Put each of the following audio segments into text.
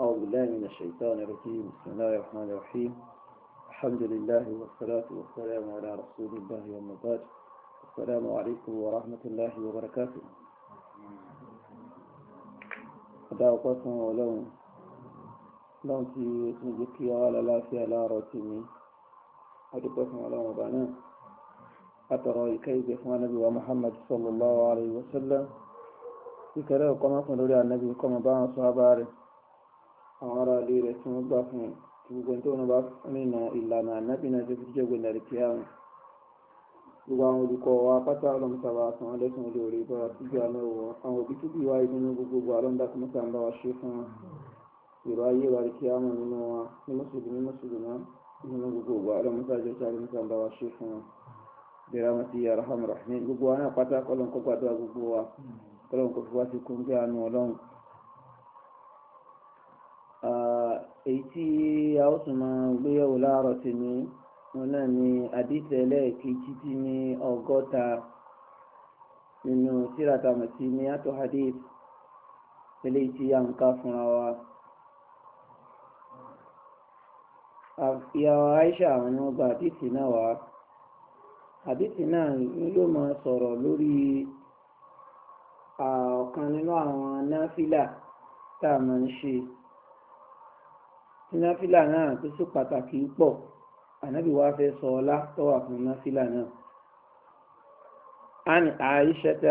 أعوذ بالله من الشيطان الرجيم بسم الله الرحمن الرحيم الحمد لله والصلاة والسلام على رسول الله ومباد السلام عليكم ورحمة الله وبركاته أدعى قسم ولون لون في جكي ولا لا في لا روتيني أدعى قسم ولون وبانا أترى كيف يفعل نبي محمد صلى الله عليه وسلم يكره ọkọ mọ́kànlórí ànẹ́bí kọmọ bá wọn sọ àwọn ará ilé rẹ̀ tí wọ́n gbà fún un gbogbo tó wọn bá rìnà ìlànà ànábì náà tó fi jẹ́ gbẹ̀dẹ̀ rẹ̀ kíá wọn. gbogbo àwọn olùkọ́ wa pátá ọlọ́mùsàbà àtàwọn ẹlẹ́sìn olóore bọ́ra síbi àná wọn àwọn òbí tó bí wá ìdúnú gbogbo alọ́ńdàkùnmọ́sà ń bá wa ṣe fún wọn. ìrọ̀ ayé wa rẹ̀ kíá wọn nínú wa ní mùsùlùmí mùsùlùmá nínú gbogbo ògbà ọlọ́mùsà jẹ́ sí alọ́mùsà ń bá wa ṣe fún wọn. bẹ̀rẹ̀mọ̀tì araham rahman gbogbo wa náà pátá kọ́lọ́n kó gbàdúrà gbogbo wa kọ́lọ́n kó fi wá sí kúńgẹ́ àánú ọlọ́run èyí tí a ó tún máa gbéyẹ̀wò láàárọ̀ tí ní wọn náà ni àdìsẹ́lẹ̀ kejì tí ní ọgọ́ta nínú síratàmọ̀ tí ní àtọ̀ hadith eléyìí tí a ń ká fúnra wa. ìyàwó Aisha àwọn ni wọ́n gba àdìsí náà wá àdìsí náà ló máa sọ̀rọ̀ lórí ọ̀kan nínú àwọn náfìlà tá a máa ń ṣe náfìlà náà tó sì pàtàkì pọ̀ ànábì wá fẹ́ sọ ọlá tó wà fún náfìlà náà. عن عائشة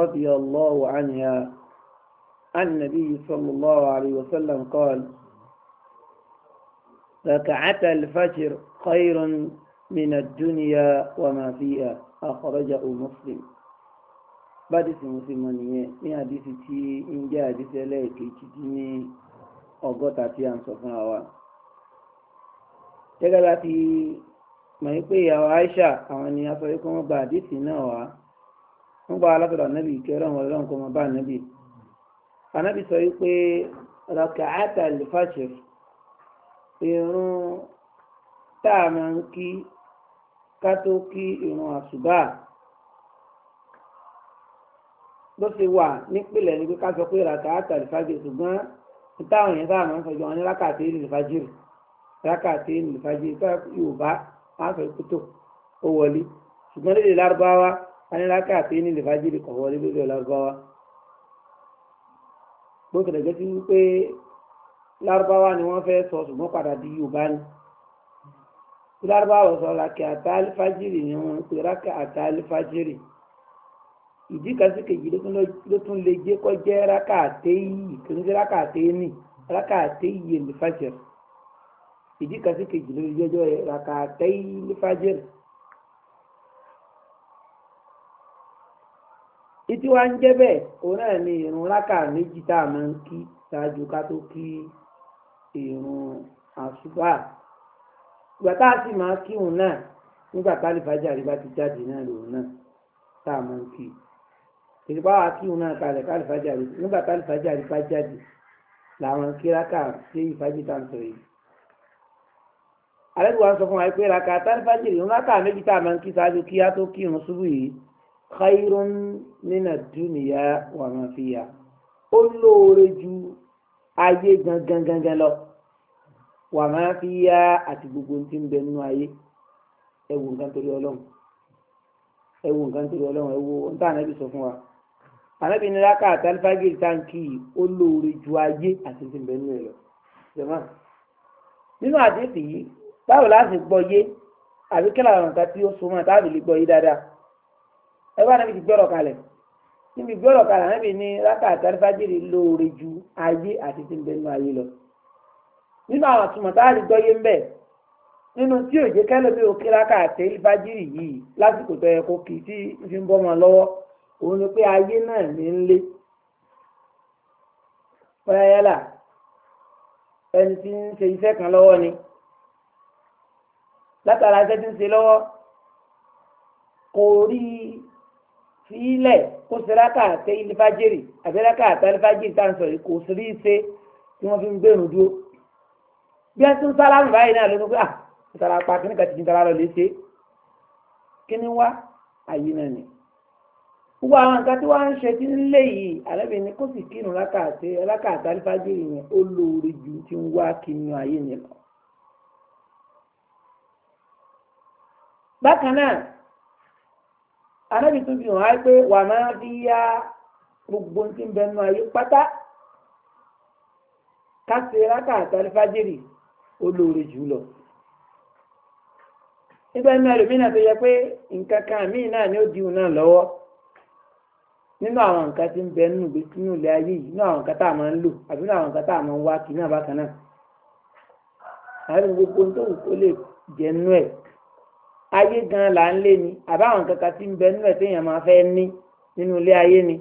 رضي الله عنها عن النبي صلى الله عليه وسلم قال ركعة الفجر خير من الدنيا وما فيها أخرجه مسلم bá dìsí mùsùlùmí nìyẹn ní àdìsí tí ń jẹ́ àdìsí ẹlẹ́ẹ̀kejì dín ní ọgọ́ta tí a ń sọ fún àwa gẹ́gẹ́ ti mọ̀ Aisha àwọn ni a sọ pé kí wọ́n gba àdìsí náà wá gba alátọ̀dọ̀ kí ọlọ́run ọlọ́run kó máa bá sọ irun tá a máa ń kí ká tó kí irun àṣùbà bó ṣe wà nípìnlẹ̀ ni pé ká sọ pé táwọn èèyàn sáà máa ń sọjọ́ wọn ní rákàtí ìlú fàjírì rákàtí ìlú fàjírì tó yorùbá máa sọ ikú tó ó wọlé ṣùgbọ́n lédè lárúbáwá a ní rákàtí ìlú fàjírì kò wọlé lédè lárúbáwá. bó tilẹ̀ jẹ́ sí wípé lárúbáwá ni wọ́n fẹ́ sọ ṣùgbọ́n padà di yorùbá ni lárúbáwá sọ rákàtí àtàlífàjírì ni wọ́n ń pè rákàtí àtàlífàjírì ìdí kan sí kejì ló tún lè jẹ́ kó jẹ́ rákàtẹ́ yìí kò ní jẹ́ rákàtẹ́ ní rákàtẹ́ yìí lè fàjẹ́ ìdí kan sí kejì ló lè jẹ́jọ́ rẹ̀ yìí lè fàjẹ́ rẹ̀. ń jẹ́ bẹ́ẹ̀ òun náà ni ìrun rákà méjì tá a máa ń kí ṣáájú ká tó kí ìrun àṣùbà ìgbà tá a sì máa kí òun náà nígbà tá a lè fàjà rí bá ti jáde náà lòun náà tá a máa ń kí i ìgbà akíhun náà kalẹ̀ kálífàjáde nígbà kálífàjáde bá jáde làwọn kíráka ṣe ìfàjì tá à ń sọ yìí. alẹ́ tí wọ́n sọ fún wa pé raka kálífàjáde ìrún láka méjì tá a máa ń kí sáájú kí á tó kírun ṣubú yìí khairun nínà dúnìyà wà máa fi yà ó lóore ju ayé gangan gangan lọ wà máa fi yá àti gbogbo tí ń bẹ nínú ayé ẹ wo nǹkan torí ọlọ́run ẹ wo nǹkan torí ọlọ́run ẹ wo ohun tá à bí sọ fún wa ànábì ní rákà àtàlífàgìrì táǹkì ó lóore ju ayé àti ti bẹ̀ nínú ẹ̀ lọ. jọ̀mọ́ nínú àdéhùn yìí báwo láti gbọ́ yé àbí kí làwọn nǹkan tí ó súnmọ́ táàbì lè gbọ́ yé dáadáa ẹ bá níbi ti gbọ́rọ̀ kalẹ̀ níbi gbọ́rọ̀ kalẹ̀ ànábì ní rákà àtàlífàgìrì lóore ju ayé àti ti ayé lọ. nínú àwọn àtúmọ̀ táàbì gbọ́ yé ń bẹ̀ nínú tí òjé kẹ́lẹ́ bí o kí rákà àtàlífàgìrì yìí lásìkò tó yẹ kó kì í tí ń bọ́ mọ́ lọ́wọ́ òun ni pé ayé náà ní ń lé bóyá yálà ẹni tí ń ṣe iṣẹ́ kan lọ́wọ́ ni látara iṣẹ́ tí ń ṣe lọ́wọ́ kò rí sílẹ̀ kó ṣe rákàtẹ́ ilifájèrè àbí rákàtẹ́ ilifájèrè tá à ń sọ̀rọ̀ kò sí rí ṣe tí wọ́n fi ń gbẹ̀rún dúró bí ẹ ti ń sálámù báyìí náà ló ń pẹ́ à ìsàlápá kíníkà ti di ìtara lọ lè ṣe kíní wá àyè náà ni gbogbo àwọn nǹkan tí wọ́n ń ṣe ti ń lé yìí àlẹ́bí ni kó sì kírun lákàtà alifájìrì yẹn ó lóore ju ti ń wá kinu ayé yẹn lọ. bákan náà àlẹ́bí tún fi hàn á pé wà máa fi ya gbogbo tí ń bẹnu ayé pátá ká ṣe lákàtà alifájìrì ó lóore jù lọ nígbà mẹ́rin mi náà tó yẹ pé nǹkan kan míì náà ni ó di òun náà lọ́wọ́ nínú àwọn nǹkan tí ń bẹ nínú nínú ilé ayé yìí nínú àwọn nǹkan tá a máa ń lò àbí nínú àwọn nǹkan tá a máa ń wá kì í náà bákan náà àárín gbogbo tó wù kó lè jẹ nínú ẹ ayé gan là ń lé ni àbáwọn kankan tí ń bẹ nínú ẹ téèyàn máa fẹ́ ní nínú ilé ayé ni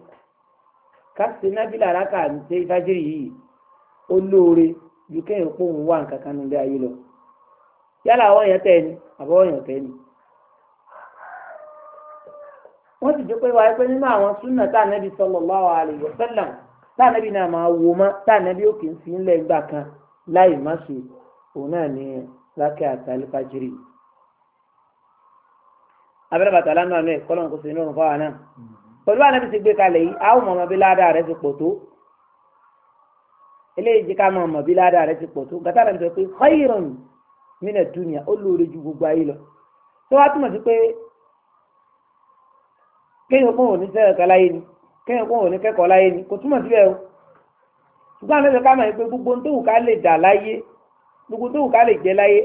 káṣí nábìlà aráka ṣe fájírì yìí ó lóore ju kéèyàn póun wà nǹkan kan nínú ilé ayé lọ yálà àwọn èèyàn tẹ ni àbọ̀ èèyàn tẹ ni wọ́n sì jẹ́ pé wáyé pé nínú àwọn súnà tá ànábì sallallahu alaihi wasallam tá ànábì náà máa wo mọ́ tá ànábì òkè ń fi ńlẹ̀ gbà kan láì má ṣe òun náà ní rákẹ́ àtàlífàjìrì. abẹ́rẹ́ bàtà lánàá náà kọ́ lóun kò sí nínú fáwọn náà pẹ̀lú ànábì ti gbé kalẹ̀ yìí àwọn ọmọ bí ládàá rẹ̀ ti pọ̀ tó eléyìí jẹ́ ká ọmọ bí ládàá rẹ̀ ti pọ̀ tó gàtà rẹ̀ ti pé khayrun mina kéèyàn kó òní sẹ́yìn kan láyé ni kéèyàn kó òní kẹ́kọ̀ọ́ láyé ni kò túmọ̀ síbẹ̀ o ṣùgbọ́n àwọn ẹ̀sẹ̀ ká mọ̀ pé gbogbo tó wù ká lè dà láyé gbogbo tó wù ká lè jẹ́ láyé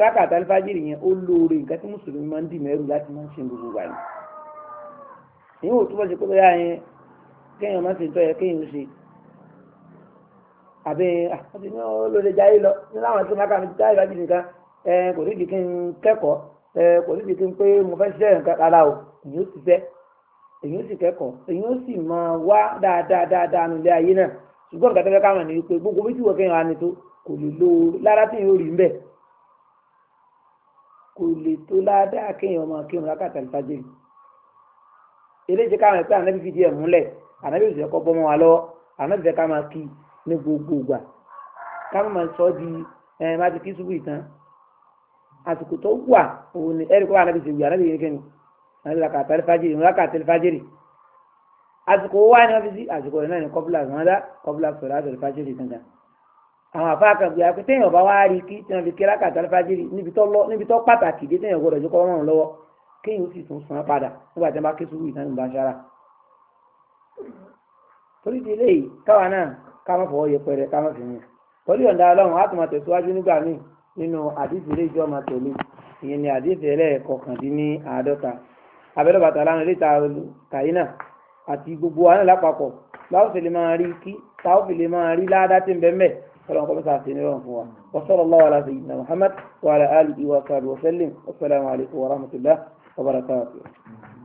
rákàtà alifájìrì yẹn ó lóore nǹkan tí mùsùlùmí máa ń dì mẹ́rù láti máa ń ṣe gbogbo wà ní. èyí ò túbọ̀ ṣe pé bóyá yẹn kéèyàn má ṣe tọ́ yẹ kéèyàn ṣe àbí àti ní olóde jáde lọ ní láwọn ẹ̀sìn máa kà mí jáde láti nìkan kò nídìí kí n kẹ́kọ̀ọ́ kò nídìí kí n pé mo fẹ́ ṣiṣẹ́ nǹkan rárá o ìyóò ti fẹ́ èyí ó sì kẹ́kọ̀ọ́ èyí ó sì máa wá dáadáa dáadáa nulẹ̀ ayé náà ṣùgbọ́n nǹkan tẹ́fẹ́ káwọn ènìyàn pé gbogbo bí tí wọ́n kẹ́yìn wá ni tó kò lè lo lára tí yóò rí ń bẹ̀ kò lè tó ládàá kéèyàn ọmọ kéèyàn lákàtà ìfàjẹ́ yìí eléyìí káwọn ẹ̀pẹ́ ànábì fìdí ẹ̀ múlẹ̀ ànábì òsì ẹ̀kọ́ bọ́mọ wa lọ́wọ́ ànábì fẹ́ ká kí ní gbogbo ìgbà ká máa sọ di ẹ̀ kí ṣubú ìtàn àsìkò tó wà òun ni ẹ̀rí kó lákàtà fájìrì lákàtà fájìrì àsìkò wá ní ọ́fíìsì àsìkò rẹ̀ náà ní kọ́bùlà mọ́dá kọ́bùlà sọ̀rọ̀ àtọ̀rọ̀ fájìrì gangan àwọn àfáàkàn gbé akpé téèyàn bá wá rí kí téèyàn fi kí lákàtà fájìrì níbi tó pàtàkì dé téèyàn gbọdọ̀ jókòó ọmọ lọ́wọ́ kéèyàn ó sì tún san padà nígbà tí wọ́n bá ké sùúrù ìtàn ìgbà sára. torí ti eléyìí káwa náà ká má fọwọ́ yẹpẹrẹ ká má fi mú torí ọ̀dà ọlọ́run á tún máa tẹ̀síwájú nígbà míì nínú àdìsí ìjọ máa tẹ̀lé ìyẹn ni àdìsí ẹlẹ́ẹ̀kọkàndínní àádọ́ta abẹ́rẹ́ bàtà lánàá lè ta kàyínà àti gbogbo wa náà lápapọ̀ láwọn fi lè máa rí kí táwọn fi lè máa rí ládá tí ń bẹ́ mẹ́ ọlọ́run kọ́ mẹ́ta sí fún wa wa sallallahu ala sayyidina Muhammad wa ala alihi wa sahbihi wa sallim assalamu alaikum wa rahmatullah wa